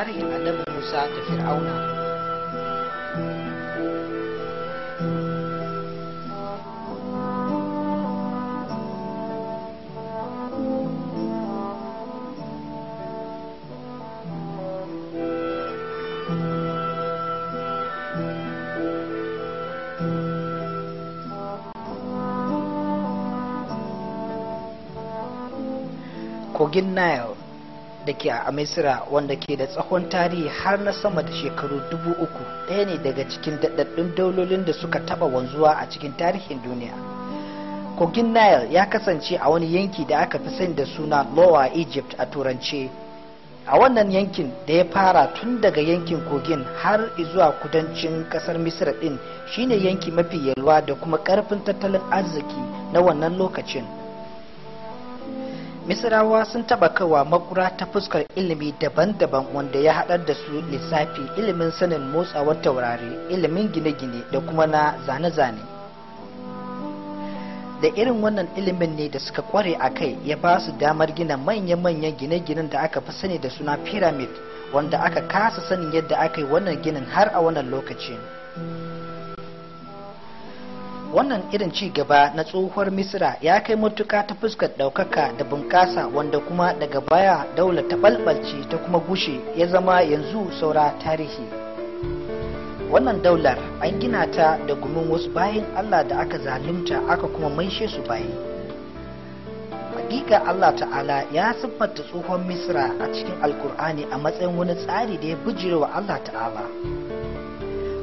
بشرهم أدب موسى كفرعون kogin Nile da ke a misira wanda ke da tsahon tarihi har na sama da shekaru dubu uku ɗaya ne daga cikin daɗaɗɗun daulolin da suka taɓa wanzuwa a cikin tarihin duniya kogin nile ya kasance a wani yanki da aka fi sani da suna lower egypt a turance a wannan yankin da ya fara tun daga yankin kogin har zuwa kudancin kasar misira ɗin shine yanki mafi yalwa da kuma karfin tattalin arziki na wannan lokacin misirawa sun taba kawa makura ta fuskar ilimi daban-daban wanda ya haɗar da su lissafi ilimin sanin motsawar taurari ilimin gine-gine da kuma na zane-zane da irin wannan ilimin ne da suka kware a kai ya ba su damar gina manya-manyan gine-ginen da aka fi sani da suna pyramid wanda aka kasa sanin yadda aka yi wannan ginin har a wannan lokacin wannan irin ci gaba na tsohuwar misira ya kai matuka ta fuskar ɗaukaka da bunƙasa wanda kuma daga baya daular ta balbalce ta kuma gushe ya zama yanzu saura tarihi wannan daular an gina ta da gumin wasu bayan allah da aka zalunta aka kuma maishe su bayi hakika allah ta'ala ya siffanta tsohon misira a cikin alkur'ani a matsayin wani tsari da ya bijirewa allah ta'ala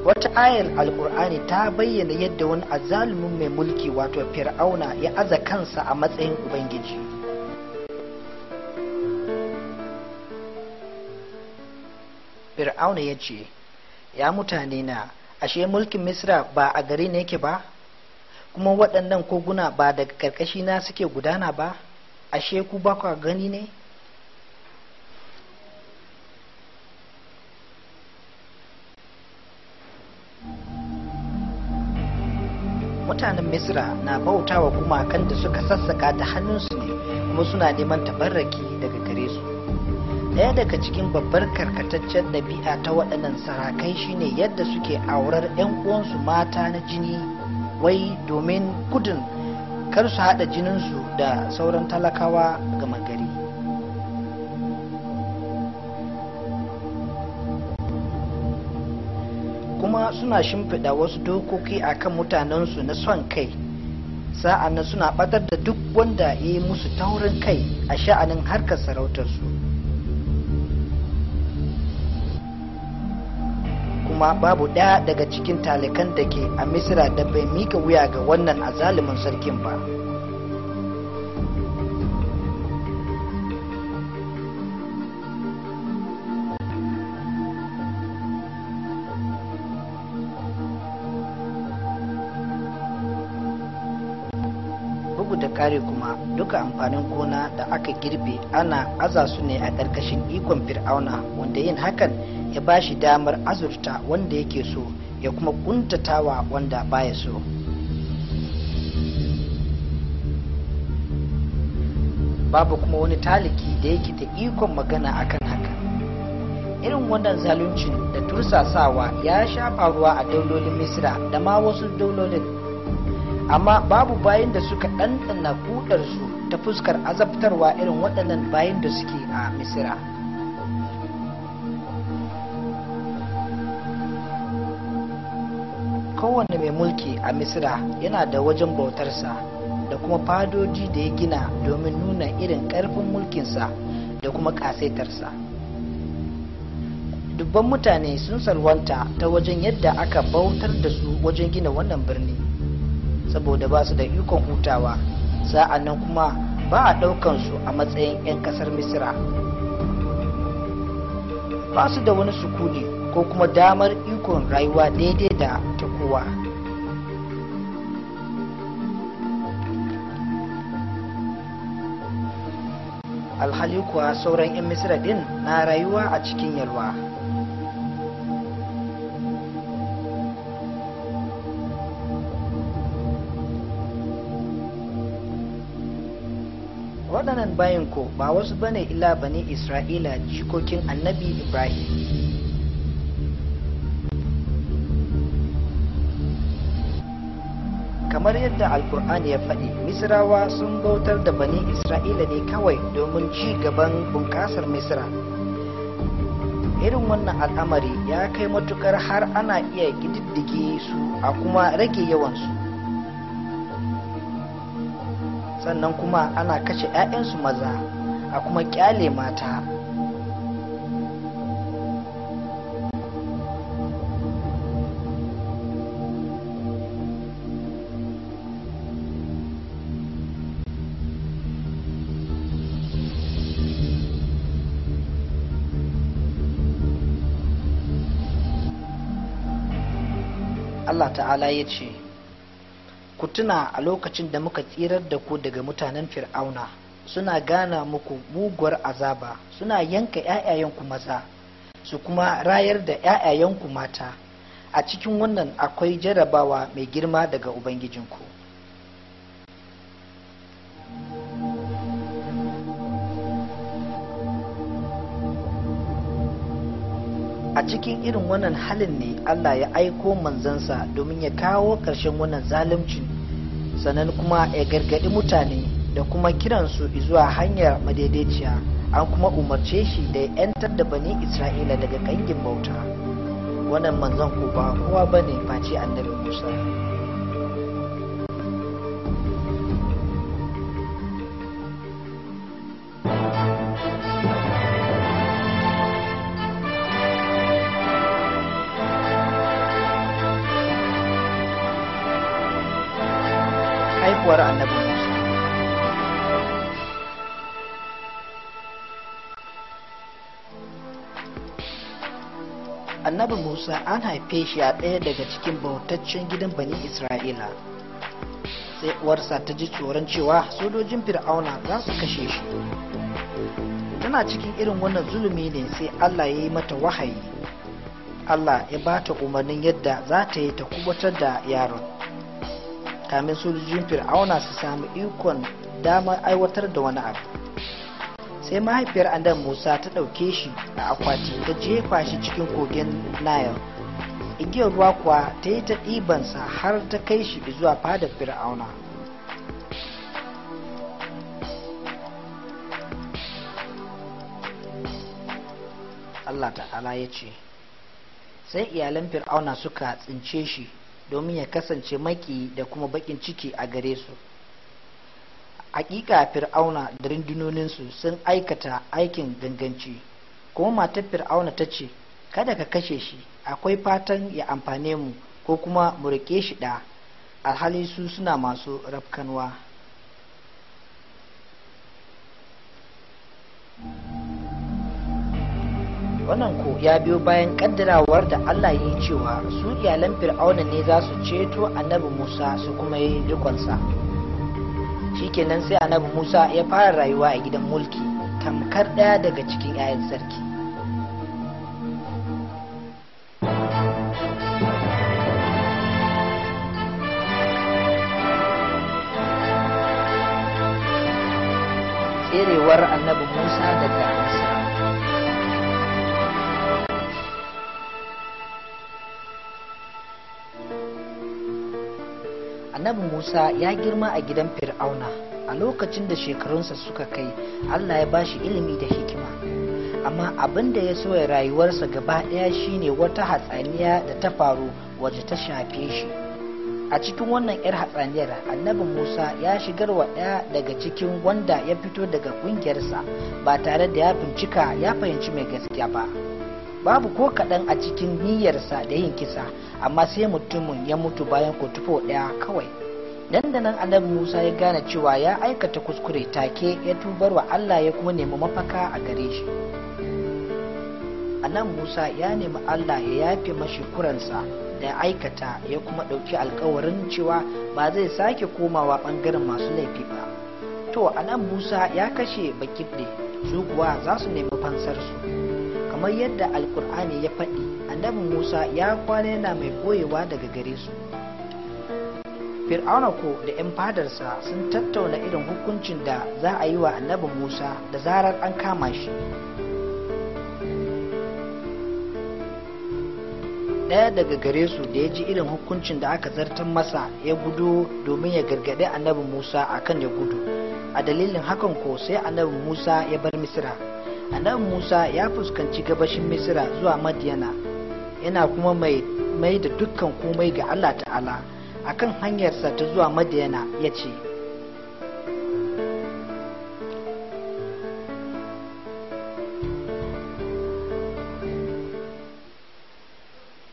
wata ayar alkur'ani ta bayyana yadda wani azalumin mai mulki wato fir'auna ya aza kansa a matsayin ubangiji fir'auna ya ce ya mutane na ashe mulkin misra ba a gari ne yake ba kuma waɗannan koguna ba daga ƙarƙashi na suke gudana ba ashe ku ba gani ne mutanen misra na bautawa wa gumakan da suka sassaka da hannunsu ne kuma suna neman tabarraki daga gare su ɗaya daga cikin babbar karkataccen ɗabi'a ta waɗannan sarakai shine yadda suke aurar 'yan uwansu mata na jini wai domin gudun kar su haɗa jininsu da sauran talakawa ga kuma suna shimfiɗa wasu dokoki a kan mutanensu na son kai sa'an suna ɓatar da duk wanda ya yi musu taurin kai a sha'anin harkar sarautarsu kuma babu ɗaya daga cikin talikan da ke a misira da bai mika wuya ga wannan azalimin sarkin ba. bugu da kare kuma duka amfanin gona da aka girbe ana aza su ne a ƙarƙashin ikon fir'auna wanda yin hakan ya ba shi damar azurta wanda yake so ya kuma kuntatawa wanda baya so babu kuma wani taliki da yake da ikon magana akan haka irin wannan zaluncin da tursasawa ya sha faruwa a daulolin misra da ma wasu daulolin amma babu bayan da suka ɗanɗana kudarsu ta fuskar azabtarwa irin waɗannan bayan da suke a misira kowane mai mulki a misira yana da wajen bautarsa da kuma fadoji da ya gina domin nuna irin ƙarfin mulkinsa da kuma ƙasaitarsa dubban mutane sun salwanta ta wajen yadda aka bautar da su wajen gina wannan birni saboda ba su da ikon hutawa sa'an nan kuma ba a ɗaukan su a matsayin 'yan ƙasar misira ba su da wani sukuni ko kuma damar ikon rayuwa daidai da ta kowa alhali kuwa sauran 'yan misira din na rayuwa a cikin yalwa bayin ko ba wasu bane ila bani isra'ila jikokin annabi ibrahim kamar yadda alkur'ani ya faɗi misrawa sun bautar da bani isra'ila ne kawai domin ci gaban bunƙasar misra irin wannan al'amari ya kai matukar har ana iya ƙididdige su a kuma rage yawansu sannan kuma ana kashe 'ya'yansu maza a kuma kyale mata Allah ta'ala ya ce ku tuna a lokacin da muka tsirar da ku daga mutanen fir'auna suna gana muku muguwar azaba suna yanka ku maza su kuma rayar da 'ya'yayenku mata a cikin wannan akwai jarabawa mai girma daga ubangijinku a cikin irin wannan halin ne Allah ya aiko manzansa domin ya kawo ƙarshen wannan zalunci sannan kuma ya gargaɗi mutane da kuma kiransu zuwa hanyar madaidaiciya an kuma umarce shi da ya 'yantar da bani isra'ila daga ƙangin bauta wannan manzon ko ba kowa bane face annabi musa musa an haife shi a ɗaya daga cikin bautaccen gidan bani isra'ila sai uwarsa ta ji tsoron cewa sojojin fir'auna za su kashe shi tana cikin irin wannan zulumi ne sai allah ya yi mata wahayi allah ya ba ta umarnin yadda za ta yi ta kubatar da yaron kamin sojojin fir'auna su samu ikon damar aiwatar da wani abu sai mahaifiyar andan musa ta ɗauke shi a akwati ta jefa shi cikin kogin nile igiyar ruwa kuwa ta yi ta ɗibansa har ta kai shi zuwa fadar fir'auna Allah ta'ala ya ce sai iyalan fir'auna suka tsince shi domin ya kasance maki da kuma bakin ciki a gare su hakika fir'auna da rundunoninsu sun aikata aikin ganganci kuma matar fir'auna ta ce kada ka kashe shi akwai fatan ya amfane mu ko kuma mu rike shi da alhali su suna masu rafkanwa wannan ko ya biyo bayan kaddarawar da allah yi cewa su iyalan fir'auna ne za su ceto annabi musa su kuma yi rikonsa shikenan sai annabi musa ya fara rayuwa a gidan mulki tamkar ɗaya daga cikin 'ya'yan sarki tserewar annabi musa da annabi musa ya girma a gidan fir'auna a lokacin da shekarunsa suka kai allah ya bashi ilimi da hikima amma abin da ya soya rayuwarsa gaba ɗaya shine wata hatsaniya da ta faru waje ta shafe shi a cikin wannan 'yar hatsaniyar annabi musa ya shigar wa ɗaya daga cikin wanda ya fito daga ƙungiyarsa ba tare da ya bincika ya fahimci mai gaskiya ba babu ko kaɗan a cikin niyyarsa da yin kisa amma sai mutumin ya mutu bayan kotufo ɗaya kawai nan da nan annabi musa ya gane cewa ya aikata kuskure take ya tubar wa allah ya kuma nemi mafaka a gare shi anan musa ya nemi allah ya yafe mashi kuransa da aikata ya kuma ɗauki alkawarin cewa ba zai sake komawa ɓangaren masu laifi ba to anan musa ya kashe bakiɗe, su kuwa za su nemi fansarsu kamar yadda alkur'ani ya faɗi annabi musa ya kwana yana mai boyewa daga gare su fir'auna ko da 'yan fadarsa sun tattauna irin hukuncin da za a yi wa annabi musa da zarar an kama shi ɗaya daga gare su da ya ji irin hukuncin da aka zartar masa ya gudu domin ya gargaɗi annabi musa akan ya gudu a dalilin hakan ko sai annabi musa ya bar misira annabi musa ya fuskanci gabashin misira zuwa madiyana yana kuma mai da dukkan komai ga allah ta'ala akan hanyarsa ta zuwa madiyana ya ce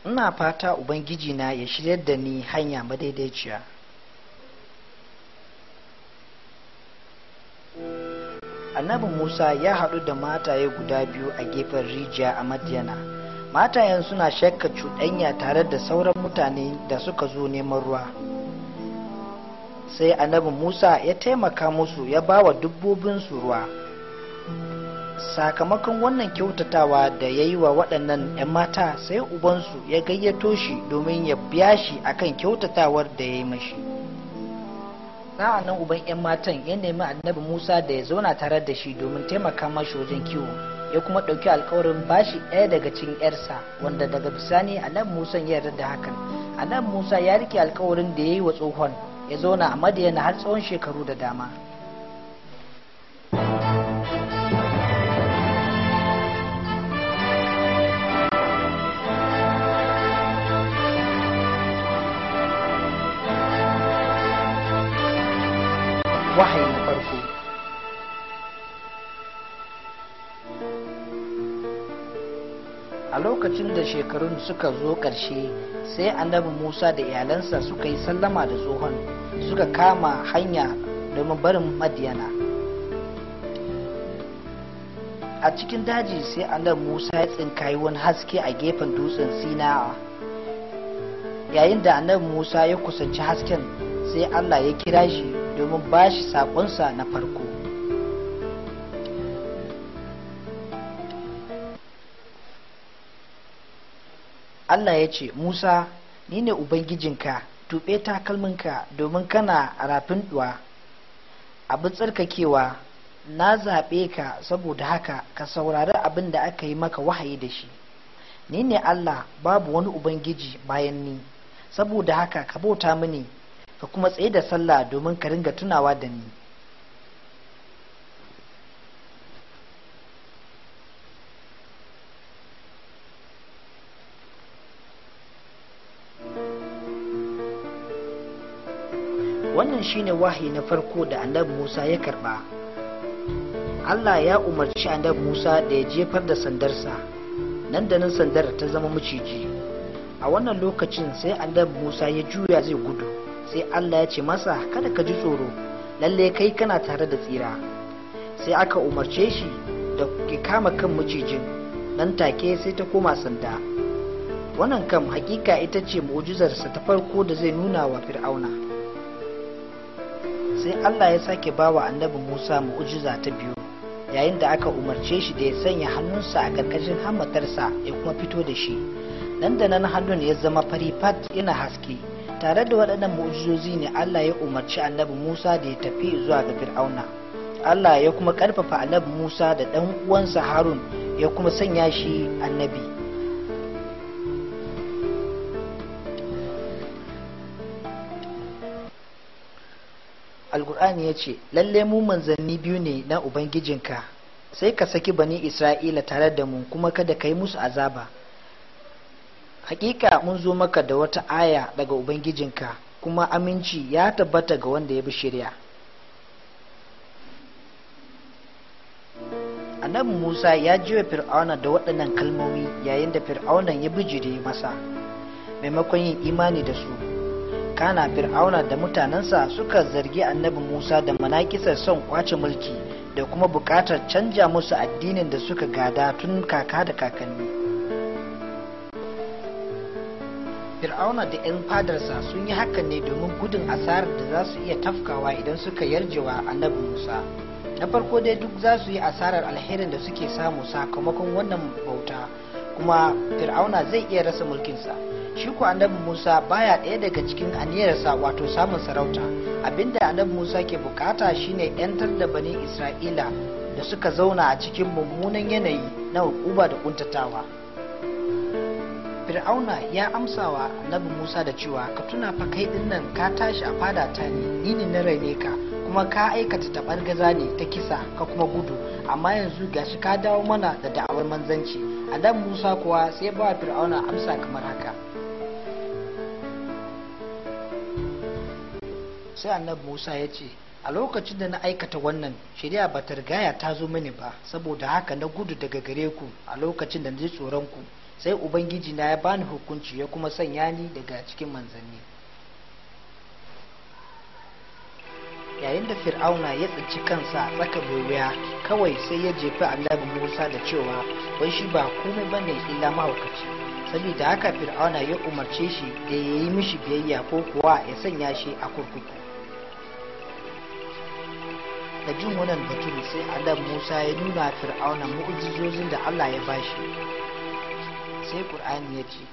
ina fata ubangiji na ya shiryar da ni hanya madaidaiciya annabi musa ya haɗu da mataye guda biyu a gefen rijiya a madiyana matayen suna shakka cuɗanya tare da sauran mutane da suka zo neman ruwa sai annabi musa ya taimaka musu ya ba wa dubbobinsu ruwa sakamakon wannan kyautatawa da ya yi wa waɗannan 'yan mata sai ubansu ya gayyato shi domin ya biya shi akan kyautatawar da ya yi mashi Sa'a nan uban 'yan matan ya nemi annabi musa da ya zauna tare da shi domin taimaka mashi wajen kiwo ya kuma ɗauki alkawarin bashi ɗaya daga cikin 'yarsa wanda daga bisani annabi musa ya yarda da hakan annabi musa ya rike alkawarin da ya yi wa tsohon ya zauna a madiyana har tsawon shekaru da dama lokacin da shekarun suka zo ƙarshe sai annabi musa da iyalansa suka yi sallama da tsohon suka kama hanya domin barin madiyana a cikin daji sai annabi musa ya tsinkayi wani haske a gefen dutsen sinawa yayin da annabi musa ya kusanci hasken sai allah ya kira shi domin ba shi saƙonsa na farko Allah ya ce Musa ni ne ubangijinka tuɓe takalminka domin kana rafin duwa abin tsarkakewa na zaɓe ka saboda haka ka saurari abin da aka yi maka wahayi da shi ni ne Allah babu wani ubangiji bayan ni saboda haka ka bauta mini ka kuma tsaye da sallah domin ka ringa tunawa da ni shine wahayi na farko da annabi Musa ya karba Allah ya umarci annabi Musa da ya jefar da sandarsa nan da nan sandar ta zama maciji a wannan lokacin sai annabi Musa ya juya zai gudu sai Allah ya ce masa kada ka ji tsoro lalle kai kana tare da tsira sai aka umarce shi da ke kama kan macijin nan take sai ta koma sanda wannan kam hakika ita ce mu'ujizarsa ta farko da zai nuna wa fir'auna sai Allah ya sake bawa annabi Musa mu'ujiza ta biyu yayin da aka umarce shi da ya sanya hannunsa a karkashin hammatarsa ya kuma fito da shi nan da nan hannun ya zama fari fat yana haske tare da waɗannan mu'ujizozi ne Allah ya umarci annabi Musa da ya tafi zuwa ga Fir'auna Allah ya kuma ƙarfafa annabi Musa da ɗan uwansa Harun ya kuma sanya shi annabi alkur'ani ya ce lalle mu manzanni biyu ne na ubangijinka sai ka saki bani isra'ila tare da mu kuma kada ka yi musu azaba hakika mun zo maka da wata aya daga ubangijinka kuma aminci ya tabbata ga wanda ya bi shirya annabi musa ya ji wa fir'auna da waɗannan kalmomi yayin da fir'aunan ya bijire masa maimakon yin imani da su kana fir'auna da mutanensa suka zargi annabi musa da manakisar son kwace mulki da kuma buƙatar canja musu addinin da suka gada tun kaka da kakanni fir'auna da 'yan fadarsa sun yi hakan ne domin gudun asarar da za su iya tafkawa idan suka yarjewa annabi musa na farko dai duk za su yi asarar alherin da suke samu sakamakon wannan bauta kuma fir'auna zai iya rasa mulkinsa shi annabi musa baya ɗaya daga cikin aniyarsa wato samun sarauta abinda annabi musa ke bukata shine 'yantar da bani isra'ila da suka zauna a cikin mummunan yanayi na uba da kuntatawa fir'auna ya amsawa annabi musa da cewa ka tuna fa kai din nan ka tashi a fada ta ne ni ne na raine ka kuma ka aikata tabar gaza ne ta kisa ka kuma gudu amma yanzu gashi ka dawo mana da da'awar manzanci annabi musa kuwa sai ba fir'auna amsa kamar haka sai annabi musa ya ce a lokacin da na aikata wannan shari'a ba rigaya ta zo mini ba saboda haka na gudu daga gare ku a lokacin da na ji tsoron ku sai ubangiji na ya bani hukunci ya kuma sanya ni daga cikin manzanni yayin da fir'auna ya tsinci kansa a tsaka wuya kawai sai ya jefi annabi musa da cewa wai shi ba komai bane illa mahaukaci saboda haka fir'auna ya umarce shi da ya yi mishi biyayya ko kuwa ya sanya shi a kurkuku da jin wannan batun sai adam musa ya nuna fir'auna mu'ujizozin da allah ya bashi sai ƙur'ani ya ce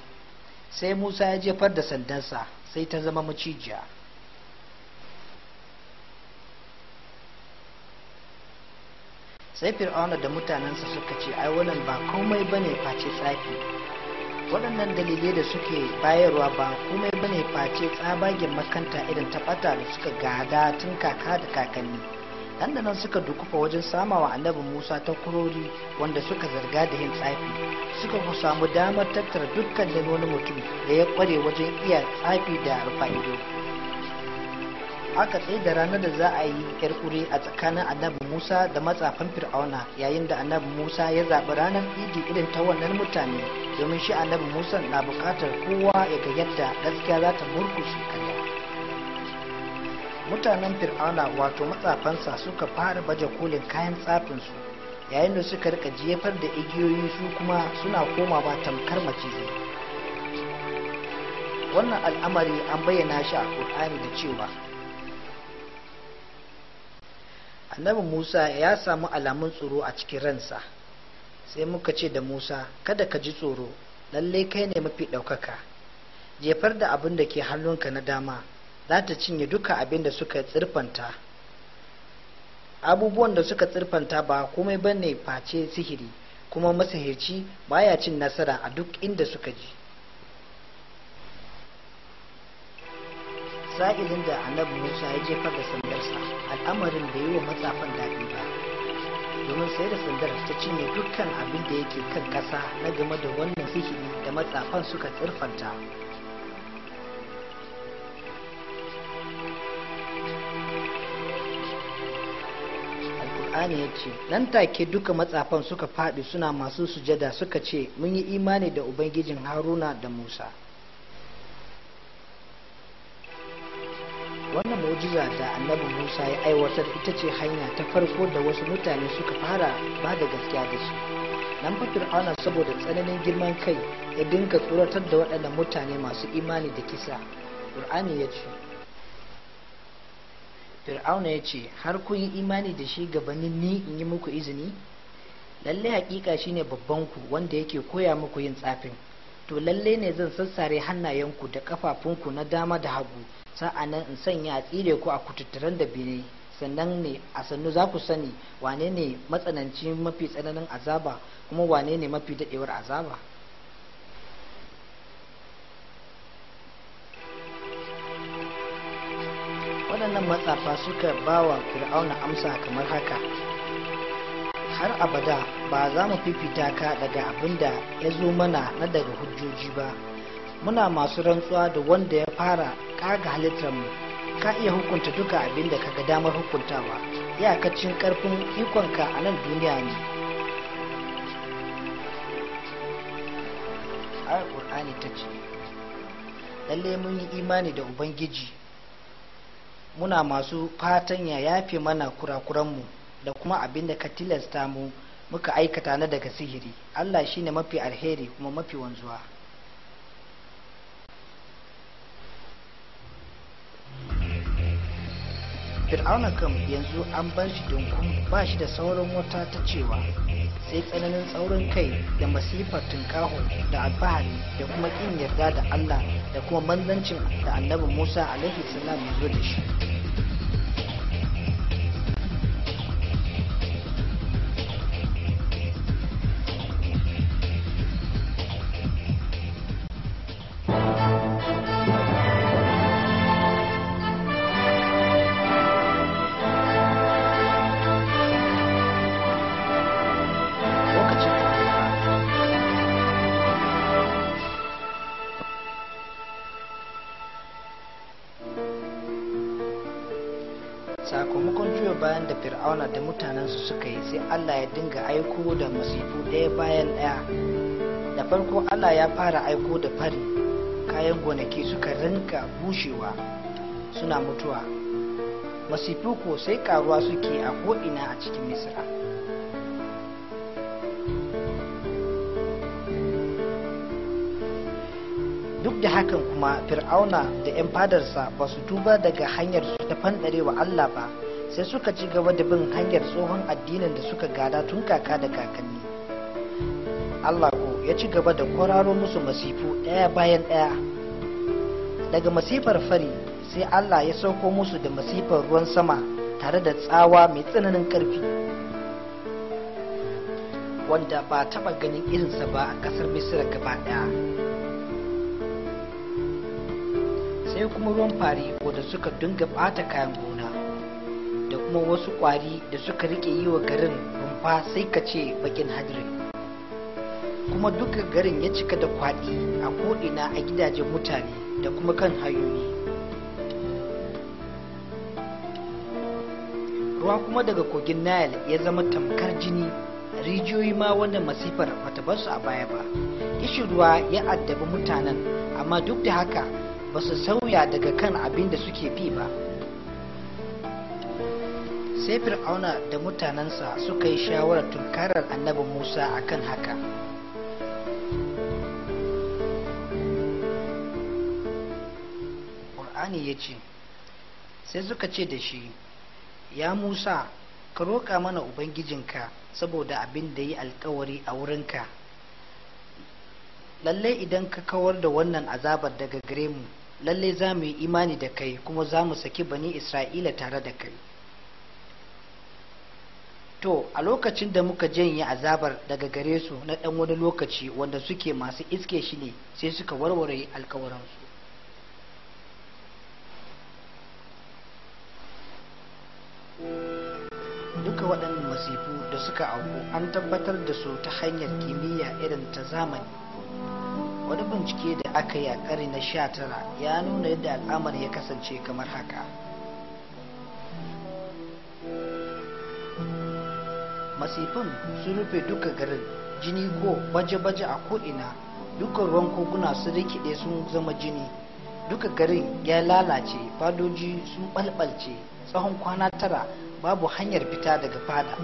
sai musa ya jefar da sandansa sai ta zama macijiya sai fir'auna da mutanensa suka ce ai wannan ba komai bane face tsafi waɗannan dalilai da suke bayarwa ba komai bane face tsabagen makanta irin ta ɓata da suka gada tun kaka da kakanni nan da nan suka dukufa wajen samawa annabi musa kurori wanda suka zarga da yin tsafi suka ku samu damar tattara dukkan dukkanin wani mutum da ya kware wajen iya tsafi da rufa aka tsaye da ranar da za a yi yar kure a tsakanin annabi musa da matsafan fir'auna yayin da annabi musa ya zaɓi ranar idi irin ta wannan mutane domin shi annabi musa na buƙatar kowa ya ga yadda gaskiya za ta murkushe mutanen fir'auna wato matsafansa suka fara baje kolin kayan tsafinsu yayin da suka rika jefar da igiyoyi su kuma suna komawa tamkar macizai wannan al'amari an bayyana shi a ƙur'ani da cewa annabi musa ya samu alamun tsoro a cikin ransa sai muka ce da musa kada ka ji tsoro lallai kai ne mafi ɗaukaka jefar da abin da ke hannunka na dama za ta cinye duka abin da suka tsirfanta abubuwan da suka tsirfanta ba komai ba ne face sihiri kuma masahirci baya cin nasara a duk inda suka ji sa'ilin da annabi musa ya jefa da sandarsa al'amarin da yi wa matsafan daɗi ba domin sai da sandar ta cinye dukkan abin da yake kan ƙasa na game da wannan sihiri da matsafan suka tsirfanta Qur'ani ya ce nan take duka matsafan suka faɗi suna masu sujada suka ce mun yi imani da ubangijin haruna da musa wannan mu'jiza da annabi musa ya aiwatar ita ce hanya ta farko da wasu mutane suka fara ba da gaskiya da shi nan fa fir'auna saboda tsananin girman kai ya dinga tsoratar da waɗannan mutane masu imani da kisa qur'ani ya ce fir'auna ya ce har kun yi imani da shi gabanin ni in yi muku izini lalle hakika shine babban ku wanda yake koya muku yin tsafin to lalle ne zan sassare hannayenku da kafafunku na dama da hagu sa'a sa'anan in sanya a tsire ku a kututturen da bine sannan ne a sannu za ku sani wane ne matsananci mafi tsananin azaba kuma wane ne mafi daɗewar azaba waɗannan matsafa suka ba wa fir'auna amsa kamar haka har abada ba za mu fifita ka daga abin da ya zo mana na daga hujjoji ba muna masu rantsuwa da wanda ya fara ƙaga mu ka iya hukunta duka abin da kaga damar hukuntawa iyakacin ƙarfin ikonka a nan duniya ne ayar ƙur'ani ta ce lalle mun yi imani da ubangiji muna masu fatan ya yafe mana mu da kuma abin da ka tilasta mu muka aikata na daga sihiri Allah shine mafi alheri kuma mafi wanzuwa fir'auna kam yanzu an bar shi dunkum ba shi da sauran wata ta cewa sai tsananin tsaurin kai da masifar tunkahu da alfahari da kuma kin yarda da Allah da kuma manzancin da annabin Musa alaihi salam ya zo da shi mutanensu suka yi sai allah ya dinga aiko da masifu ɗaya bayan ɗaya da farko allah ya fara aiko da fari kayan gonaki suka rinka bushewa suna mutuwa masifu ko sai karuwa suke a ko'ina a cikin misira duk da hakan kuma fir'auna da 'yan fadarsa ba su duba daga hanyar ta fanɗarewa allah ba sai suka ci gaba da bin hanyar tsohon addinin da suka gada tun kaka da kakanni Allah ko ya ci gaba da kwararo musu masifu ɗaya bayan ɗaya daga masifar fari sai Allah ya sauko musu da masifar ruwan sama tare da tsawa mai tsananin ƙarfi wanda ba taɓa ganin irinsa ba a ƙasar misira gaba ɗaya sai kuma ruwan fari wadda suka dinga bata kayan gona da kuma wasu kwari da suka rike yi wa garin rumfa sai ka ce bakin hadirin kuma duka garin ya cika da kwaɗi a ko'ina a gidajen mutane da kuma kan hanyoyi ruwa kuma daga kogin nile ya zama tamkar jini rijiyoyi ma wanda masifar bata bar su a baya ba kishin ruwa ya addabi mutanen amma duk da haka ba su sauya daga kan abin da suke bi ba sai fir'auna da mutanensa suka yi shawarar tunkarar annabin musa akan haka ƙur'ani ya ce sai suka ce da shi ya musa ka roƙa mana ubangijinka saboda abin da yi alkawari a wurinka lalle idan ka kawar da wannan azabar daga gare mu lalle za mu yi imani da kai kuma za mu saki bani isra'ila tare da kai to a lokacin da muka janye azabar daga gare su na ɗan wani lokaci wanda suke masu iske shi ne sai suka warware alkawaransu duka waɗannan masifu da suka auku an tabbatar da su ta hanyar kimiyya irin ta zamani wani bincike da aka yi a ƙari na sha tara ya nuna yadda al'amar ya kasance kamar haka masifin sun rufe duka garin jini ko baje-baje a ko'ina dukkan ruwan koguna sun rikide sun zama jini duka garin ya lalace fadoji sun balbalce tsawon kwana tara babu hanyar fita daga fada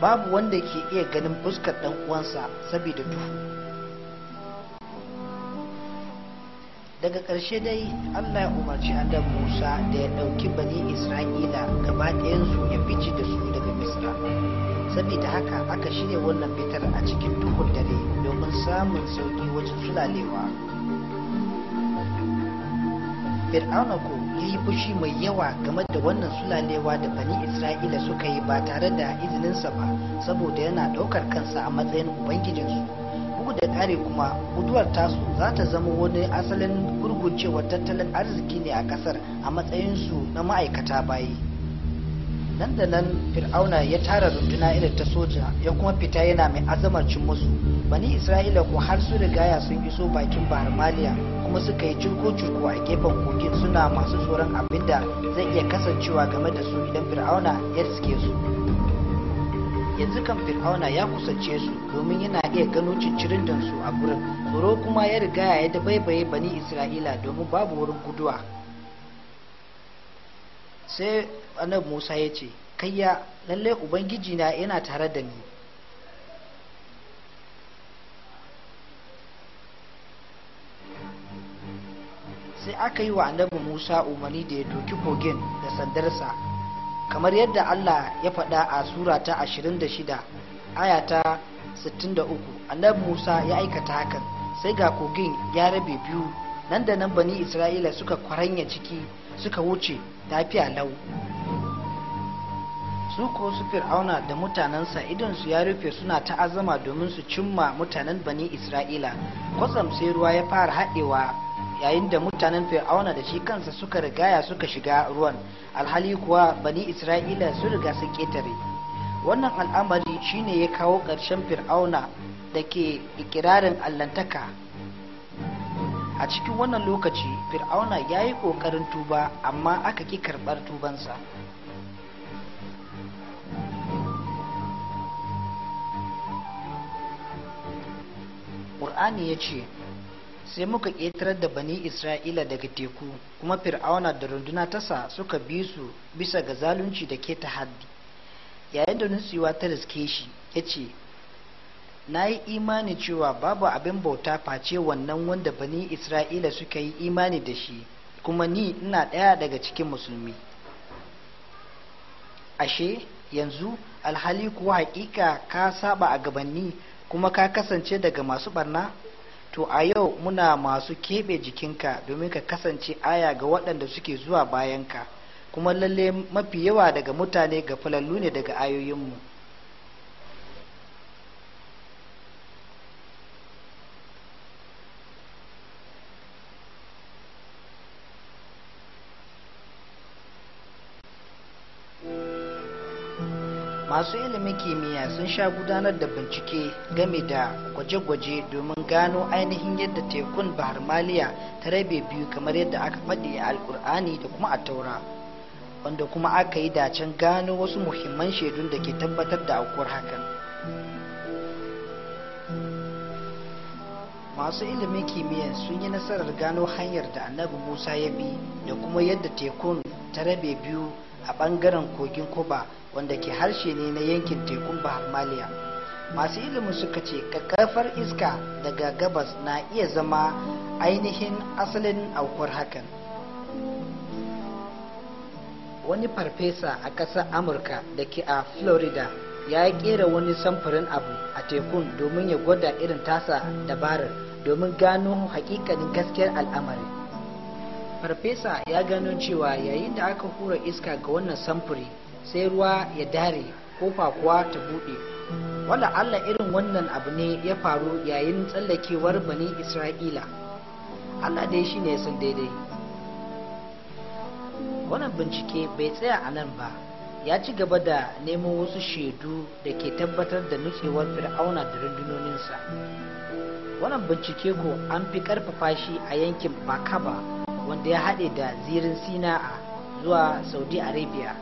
babu wanda ke iya ganin fuskar dan uwansa saboda duhu daga ƙarshe dai allah ya umarci adam musa da ya ɗauki bani isra'ila gaba yanzu ya fice da su daga misra saboda haka aka shirya wannan fitar a cikin duhun dare domin samun sauki wajen sulalewa fir'auna ko ya yi fushi mai yawa game da wannan sulalewa da bani isra'ila suka yi ba tare da izininsa ba saboda yana ɗaukar kansa a matsayin ubangijinsu bugu da ƙare kuma guduwar tasu za ta zama wani asalin gurgucewar tattalin arziki ne a kasar a matsayinsu na ma'aikata bayi nan da nan fir'auna ya tara runduna irin ta soja ya kuma fita yana mai azamar cin musu bani isra'ila ko har su rigaya sun iso bakin barmaliya kuma suka yi curko-curko a gefen kogin suna masu tsoron abin da zai iya kasancewa game da su idan fir'auna ya riske su yanzu kan fir'auna ya kusance su domin yana iya gano cincirin dansu a gurin tsoro kuma ya rigaya ya dabaibaye bani isra'ila domin babu wurin guduwa sai annabi musa ya ce kayya lallai ubangiji na yana tare da ni sai aka yi wa annabi musa umarni da ya doki kogin da sandarsa kamar yadda allah ya faɗa a sura ta 26 aya ta 63 annabi musa ya aikata hakan sai ga kogin ya rabe biyu nan da nan bani isra'ila suka kwaranya ciki suka wuce lafiya lau su ko su fir'auna da mutanensa idonsu su ya rufe suna ta azama domin su cimma mutanen bani isra'ila kwatsam sai ruwa ya fara haɗewa yayin da mutanen fir'auna da shi kansa suka rigaya suka shiga ruwan alhali kuwa bani isra'ila su riga sun ƙetare wannan al'amari shine ya kawo ƙarshen fir'auna da ke ikirarin allantaka a cikin wannan lokaci fir'auna ya yi ƙoƙarin tuba amma aka ƙi karɓar tubansa ƙur'ani ya ce sai muka ƙetarar da bani isra'ila daga teku kuma fir'auna da runduna tasa suka bi su bisa ga zalunci da ke ta haddi yayin da nutsuwa ta riske shi ya ce na yi imani cewa babu abin bauta face wannan wanda bani isra'ila suka yi imani da shi kuma ni ina ɗaya daga cikin musulmi ashe yanzu alhali kuwa hakika ka saba a gabanni kuma ka kasance daga masu barna to a yau muna masu keɓe jikinka domin ka kasance aya ga waɗanda suke zuwa bayanka kuma lalle mafi yawa daga mutane ga falallu ne daga ayoyinmu masu ilimin kimiyya sun sha gudanar da bincike game da gwaje-gwaje domin gano ainihin yadda tekun bahar maliya ta rabe biyu kamar yadda aka faɗi a alkur'ani da kuma a taura wanda kuma aka yi dacen gano wasu muhimman shaidun da ke tabbatar da aukuwar hakan masu ilimin kimiyya sun yi nasarar gano hanyar da annabi musa ya bi da kuma yadda tekun ta rabe biyu a bangaren kogin kuba wanda ke harshe ne na yankin tekun bahar masu ilimin suka ce kakafar iska daga gabas na iya zama ainihin asalin aukuwar hakan wani farfesa a ƙasar amurka da ke a florida ya kera wani samfurin abu a tekun domin ya gwada irin tasa dabarar domin gano hakikanin gaskiyar al'amari farfesa ya gano cewa yayin da aka hura iska ga wannan samfuri sai ruwa ya dare kofa kuwa ta buɗe wanda allah irin wannan abu ne ya faru yayin tsallakewar bani isra'ila allah dai shi ne sun daidai wannan bincike bai tsaya a nan ba ya ci gaba da neman wasu shaidu da ke tabbatar da nutsewar fir'auna da rundunoninsa wannan bincike ko an fi karfafa shi a yankin bakaba wanda ya haɗe da zirin sina'a zuwa saudi arabia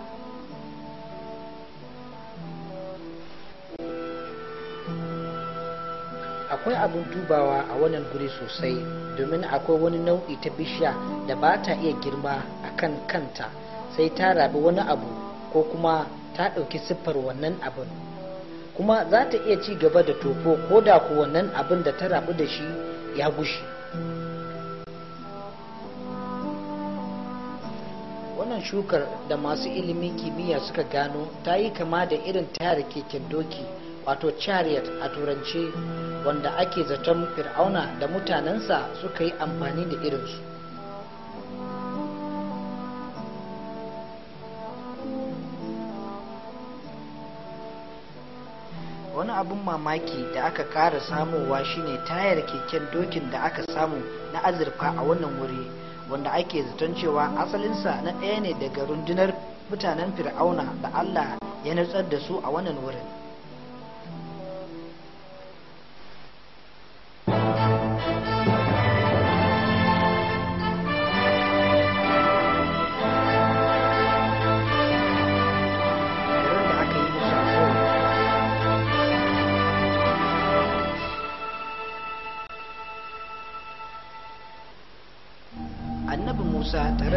akwai abin dubawa a wannan guri sosai domin akwai wani nau'i ta bishiya da ba ta iya girma a kan kanta sai ta rabi wani abu ko kuma ta ɗauki siffar wannan abin kuma za ta iya ci gaba da tofo ko da ku wannan abin da ta rabu da shi ya gushi shukar da masu ilimin kimiyya suka gano ta yi kama da irin tayar keken doki wato chariot a turance wanda ake zaton fir'auna da mutanensa suka yi amfani da irinsu wani abin mamaki da aka kara samowa shine tayar keken dokin da aka samu na azurfa a wannan wuri wanda ake zaton cewa asalinsa na ɗaya ne daga rundunar mutanen fir'auna da allah ya nutsar da su a wannan wurin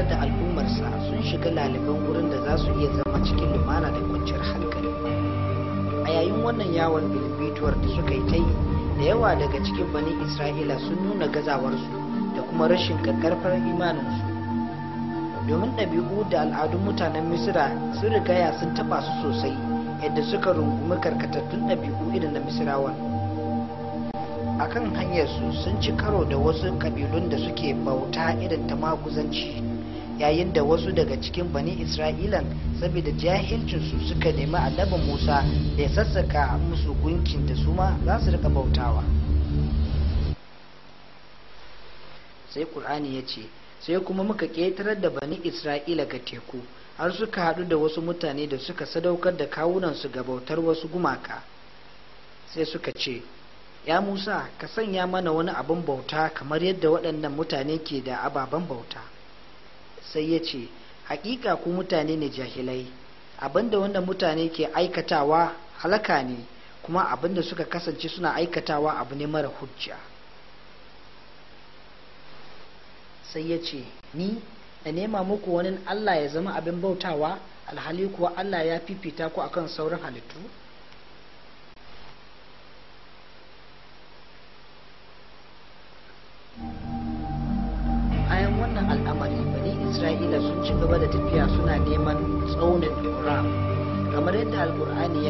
da al'ummarsa sun shiga laliban wurin da za su iya zama cikin lumana da kwanciyar hankali a yayin wannan yawon bilbituwar da suka yi ta yi da yawa daga cikin bani isra'ila sun nuna gazawarsu da kuma rashin kakkarfar imaninsu domin ɗabi'u da al'adun mutanen misira sun rigaya sun taɓa su sosai yadda suka rungumi karkatattun ɗabi'u irin na misirawan a kan hanyarsu sun ci karo da wasu ƙabilun da suke bauta irin ta maguzanci yayin da wasu daga cikin bani isra'ilan saboda jahilcinsu suka nemi annabi musa da ya sassaka musu gunkin da su ma za su rika bautawa sai ƙur'ani ya ce sai kuma muka ƙetarar da bani isra'ila ga teku har suka haɗu da wasu mutane da suka sadaukar da kawunansu ga bautar wasu gumaka sai suka ce ya musa ka sanya mana wani abin bauta kamar yadda waɗannan mutane ke da ababen bauta sai ya ce hakika ku mutane ne jahilai abinda wanda mutane ke aikatawa halaka ne kuma abinda suka kasance suna aikatawa abu ne mara hujja sai ya ce ni na nema muku wani allah ya zama abin bautawa alhali kuwa allah ya fifita ku akan sauran halittu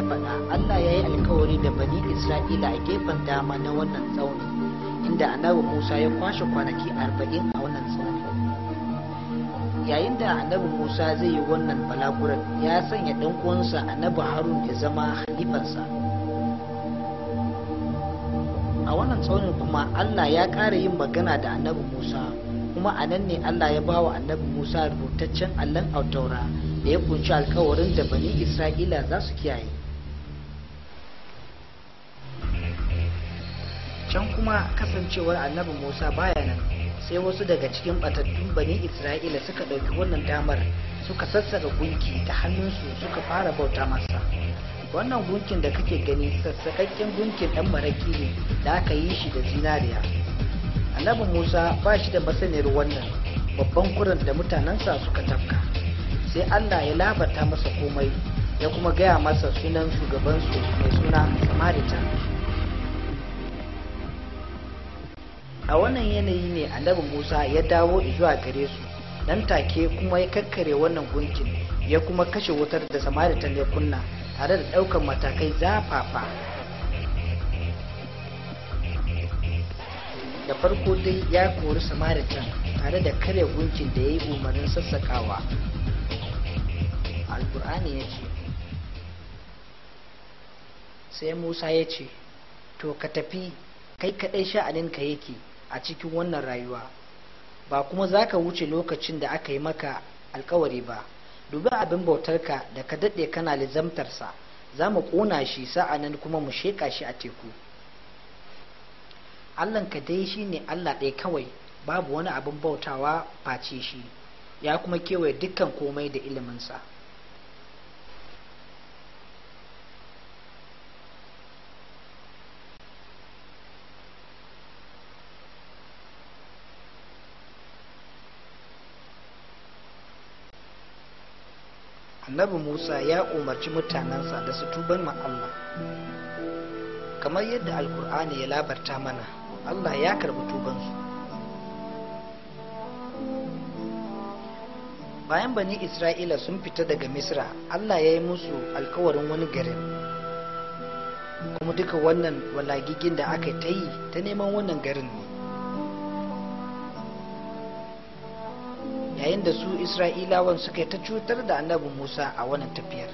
faɗa Allah ya yi alkawari da bani Isra'ila a gefen dama na wannan tsauni inda annabi Musa ya kwashe kwanaki arba'in a wannan tsauni yayin da annabi Musa zai yi wannan balaguran ya sanya ɗan uwansa annabi Harun ya zama halifansa a wannan tsaunin kuma Allah ya ƙara yin magana da annabi Musa kuma a nan ne Allah ya bawa annabi Musa rubutaccen allon autaura da ya kunshi alkawarin da bani Isra'ila za su kiyaye San kuma kasancewar annabi musa baya nan sai wasu daga cikin batattun bani isra'ila suka ɗauki wannan damar suka sassaka gunki da hannunsu suka fara bauta masa wannan gunkin da kake gani sassakakken gunkin ɗan maraki ne da aka yi shi da zinariya annabi musa ba shi da masaniyar wannan babban kuran da mutanensa suka tafka sai allah ya labata masa komai ya kuma gaya masa sunan shugabansu mai suna samaritan a wannan yanayi ne annabi musa ya dawo zuwa gare su nan take kuma ya kakkare wannan gunkin ya kuma kashe wutar da samari ta ne kunna tare da ɗaukar matakai zafafa da farko dai ya kori samaritan tare da karya gunkin da ya yi umarnin sassakawa alkur'ani ya ce sai musa ya ce to ka tafi kai kaɗai sha'aninka yake a cikin wannan rayuwa ba kuma za ka wuce lokacin da aka yi maka alkawari ba dubi abin bautarka da ka daɗe kana lizamtarsa za mu ƙona shi sa'a nan kuma mu sheƙa shi a teku ka dai shi ne allah ɗaya kawai babu wani abin bautawa face shi ya kuma kewaye dukkan komai da iliminsa annabi musa ya umarci mutanensa da su tuban ma allah kamar yadda alkur'ani ya labarta mana allah ya karbi tubansu bayan bani isra'ila sun fita daga misra allah ya yi musu alkawarin wani garin kuma duka wannan walagigin da aka ta yi ta neman wannan garin ne yayin da su isra'ilawan suka ta cutar da annabi musa a wannan tafiyar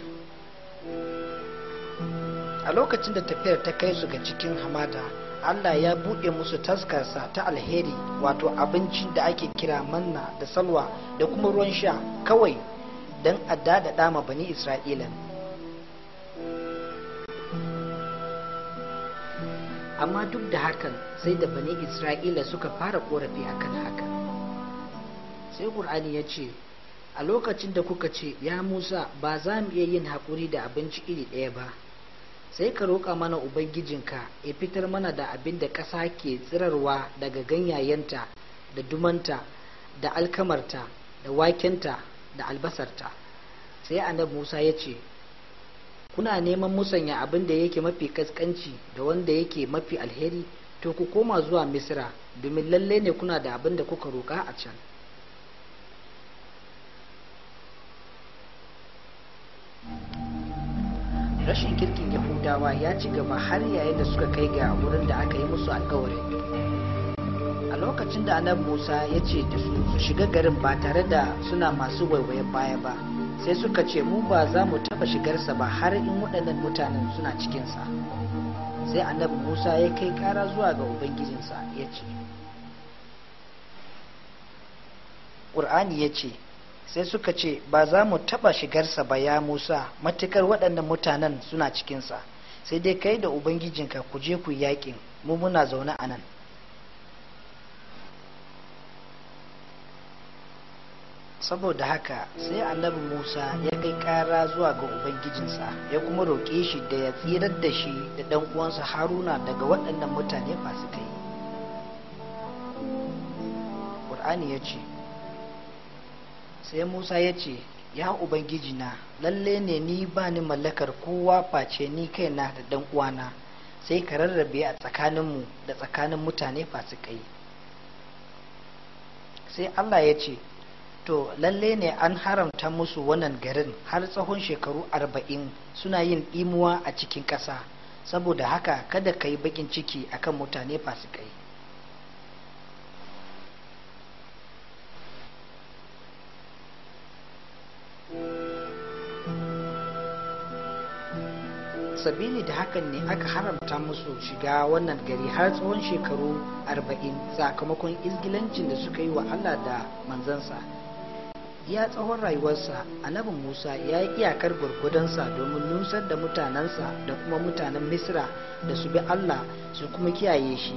a lokacin da tafiyar ta kai su ga cikin hamada allah ya buɗe musu taskarsa ta alheri wato abinci da ake kira manna da salwa da kuma ruwan sha kawai don a da dama bani isra'ilan amma duk da hakan sai da bani isra'ila suka fara korafi akan haka sai ƙur'ani ya ce a lokacin da kuka ce ya musa ba za mu iya yin haƙuri da abinci iri ɗaya ba sai ka roƙa mana ubangijinka ya fitar mana da abin da ƙasa ke tsirarwa daga ganyayenta da dumanta da alkamarta da wakenta da albasarta sai annabi musa ya ce kuna neman musanya abin da yake mafi kaskanci da wanda yake mafi alheri to ku koma zuwa misira domin lalle ne kuna da abin da kuka roƙa a can rashin kirkin yahudawa ya ci gaba har yayin da suka kai ga wurin da aka yi musu alkawari a lokacin da annabi musa ya ce da su su shiga garin ba tare da suna masu waiwayen baya ba sai suka ce mu ba za mu taɓa shigarsa ba har in waɗannan mutanen suna cikinsa sai annabi musa ya kai kara zuwa ga ubangijinsa ya ce ƙur'ani ya ce sai suka ce ba za mu taba shigarsa ba ya musa matukar waɗannan mutanen suna cikinsa sai dai kai da ubangijinka ku je ku yaƙin mu muna zaune a nan saboda haka sai annabi musa ya kai ƙara zuwa ga ubangijinsa ya kuma roƙe shi da ya tsirar da shi da ɗan uwansa haruna daga waɗannan mutane masu kai ƙur'ani ya ce sai musa ya ce ya ubangiji na lalle ne ni ba ni mallakar kowa face ni kaina da dan uwana sai ka rarrabe a tsakaninmu da tsakanin mutane fasikai sai allah ya ce to lalle ne an haramta musu wannan garin har tsawon shekaru arba'in suna yin imuwa a cikin ƙasa saboda haka kada ka yi bakin ciki akan mutane fasikai sabili da hakan ne aka haramta musu shiga wannan gari har tsawon shekaru arba'in sakamakon izgilancin da suka yi wa allah da manzansa ya tsawon rayuwarsa anabin musa ya yi iyakar gwargwadonsa domin nusar da mutanensa da kuma mutanen misra da su bi allah su kuma kiyaye shi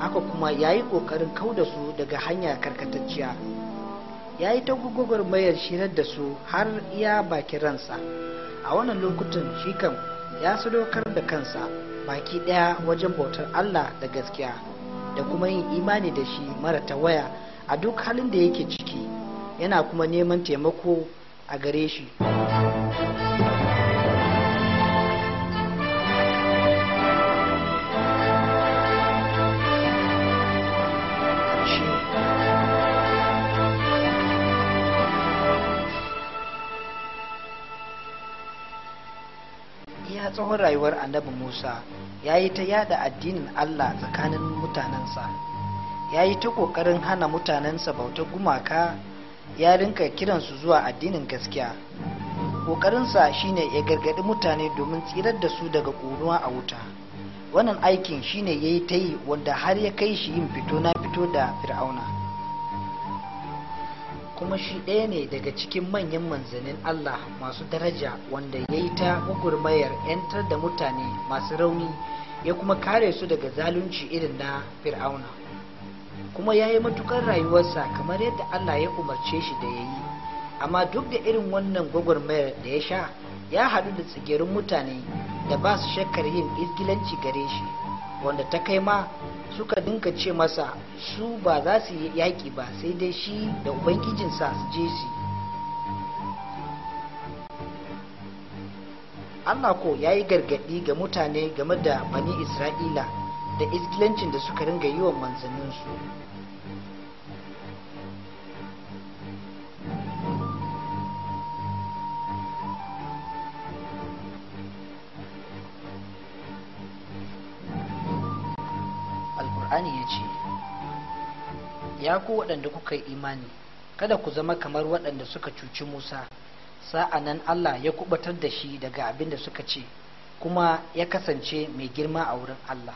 haka kuma ya yi ƙoƙarin kau da su daga hanya karkatacciya ya yi ta gugugwar mayar shirar da su har iya bakin ransa a wannan lokutan shi kan. ya sadaukar da kansa baki daya wajen bautar Allah da gaskiya da kuma yin imani da shi mara waya a duk halin da yake ciki yana kuma neman taimako a gare shi. tsawon rayuwar annabi musa ya yi ta yada addinin allah tsakanin mutanensa ya yi ta ƙoƙarin hana mutanensa bauta gumaka ya rinka kiransu zuwa addinin gaskiya ƙoƙarinsa shine ya gargaɗi mutane domin tsirar da su daga ƙunuwa a wuta wannan aikin shine ya yi ta yi wanda har ya kai shi yin fito na fito da fir'auna kuma shi ɗaya ne daga cikin manyan manzannin Allah masu daraja wanda ya yi ta gugurmayar 'yantar da mutane masu rauni ya kuma kare su daga zalunci irin na fir'auna kuma ya yi matukar rayuwarsa kamar yadda Allah ya umarce shi da ya yi amma duk da irin wannan gwagwarmayar da ya sha ya haɗu da tsigerun mutane da ba su shakkar yin izgilanci gare shi wanda ta kai ma suka dinka ce masa su ba za su yi yaƙi ba sai dai shi da ubangijinsa su je shi Allah ko ya yi gargaɗi ga mutane game da bani Isra'ila da iskilancin da suka ringa yi wa manzanninsu Qur'ani ya ce ya ku waɗanda kuka yi imani kada ku zama kamar waɗanda suka cuci musa sa'a nan allah ya kubatar da shi daga abin da suka ce kuma ya kasance mai girma a wurin allah